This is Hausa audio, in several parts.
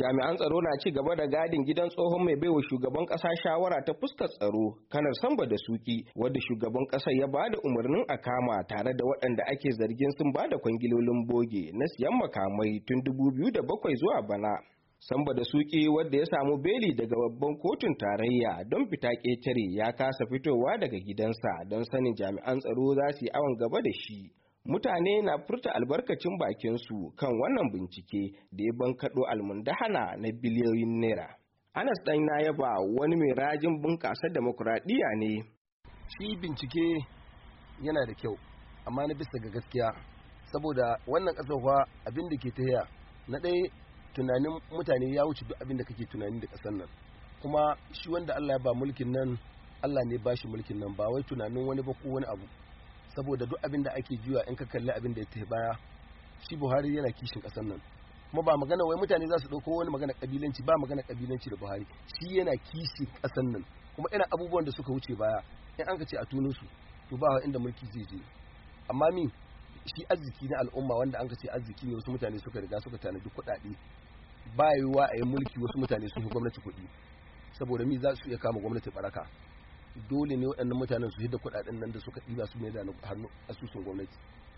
jami'an tsaro na ci gaba da gadin gidan tsohon mai baiwa shugaban kasa shawara ta fuskar tsaro kanar samba da suki wadda shugaban kasa ya ba da umarnin a kama tare da waɗanda ake zargin sun ba da kwangilolin boge na siyan makamai tun dubu biyu da bakwai zuwa bana samba da suki wadda ya samu beli daga babban kotun tarayya don fita ƙetare ya kasa fitowa daga gidansa don sanin jami'an tsaro za su yi awon gaba da shi mutane na furta albarkacin bakinsu kan wannan bincike da ya bankaɗo almundahana na biliyoyin naira anas ɗan na yaba wani mai rajin bunƙasa demokuraɗiyya ne shi bincike yana da kyau amma na bisa ga gaskiya saboda wannan ƙasar abin da ke tahiya na ɗaya tunanin mutane ya wuce duk abin da kake tunani da ƙasar nan kuma shi wanda allah ya ba mulkin nan allah ne ba shi mulkin nan ba wai tunanin wani ba ko wani abu saboda duk abin da ake jiwa in ka kalli abin da ya ta baya shi buhari yana kishin ƙasar nan kuma ba magana wai mutane za su dauko wani magana ƙabilanci ba magana ƙabilanci da buhari shi yana kishin ƙasar nan kuma ina abubuwan da suka wuce baya in an ka ce a tunusu su to ba inda mulki zai je amma min shi arziki na al'umma wanda an ka ce arziki ne wasu mutane suka riga suka tanadi kuɗaɗe ba yiwuwa a yi mulki wasu mutane sun fi gwamnati kuɗi saboda mi za su iya kama gwamnati baraka dole ne waɗannan mutanen su hidda kuɗaɗen nan da suka ɗiba su ne da hannu asusun gwamnati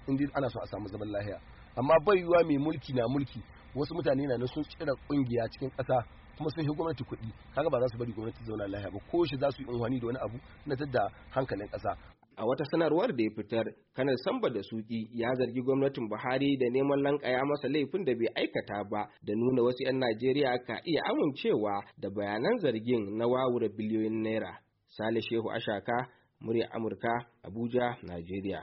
inda ana so a samu zaman lahiya amma bai mai mulki na mulki wasu mutane na sun tsira ƙungiya cikin ƙasa kuma sun yi gwamnati kuɗi kaga ba za su bari gwamnati zauna lahiya ba ko shi za su yi unhwani da wani abu na tadda hankalin ƙasa a wata sanarwar da ya fitar kanar samba da suki ya zargi gwamnatin buhari da neman lankaya masa laifin da bai aikata ba da nuna wasu 'yan najeriya ka iya amincewa da bayanan zargin na wawura biliyoyin naira Sale Shehu Ashaka, murya Amurka, Abuja, Najeriya.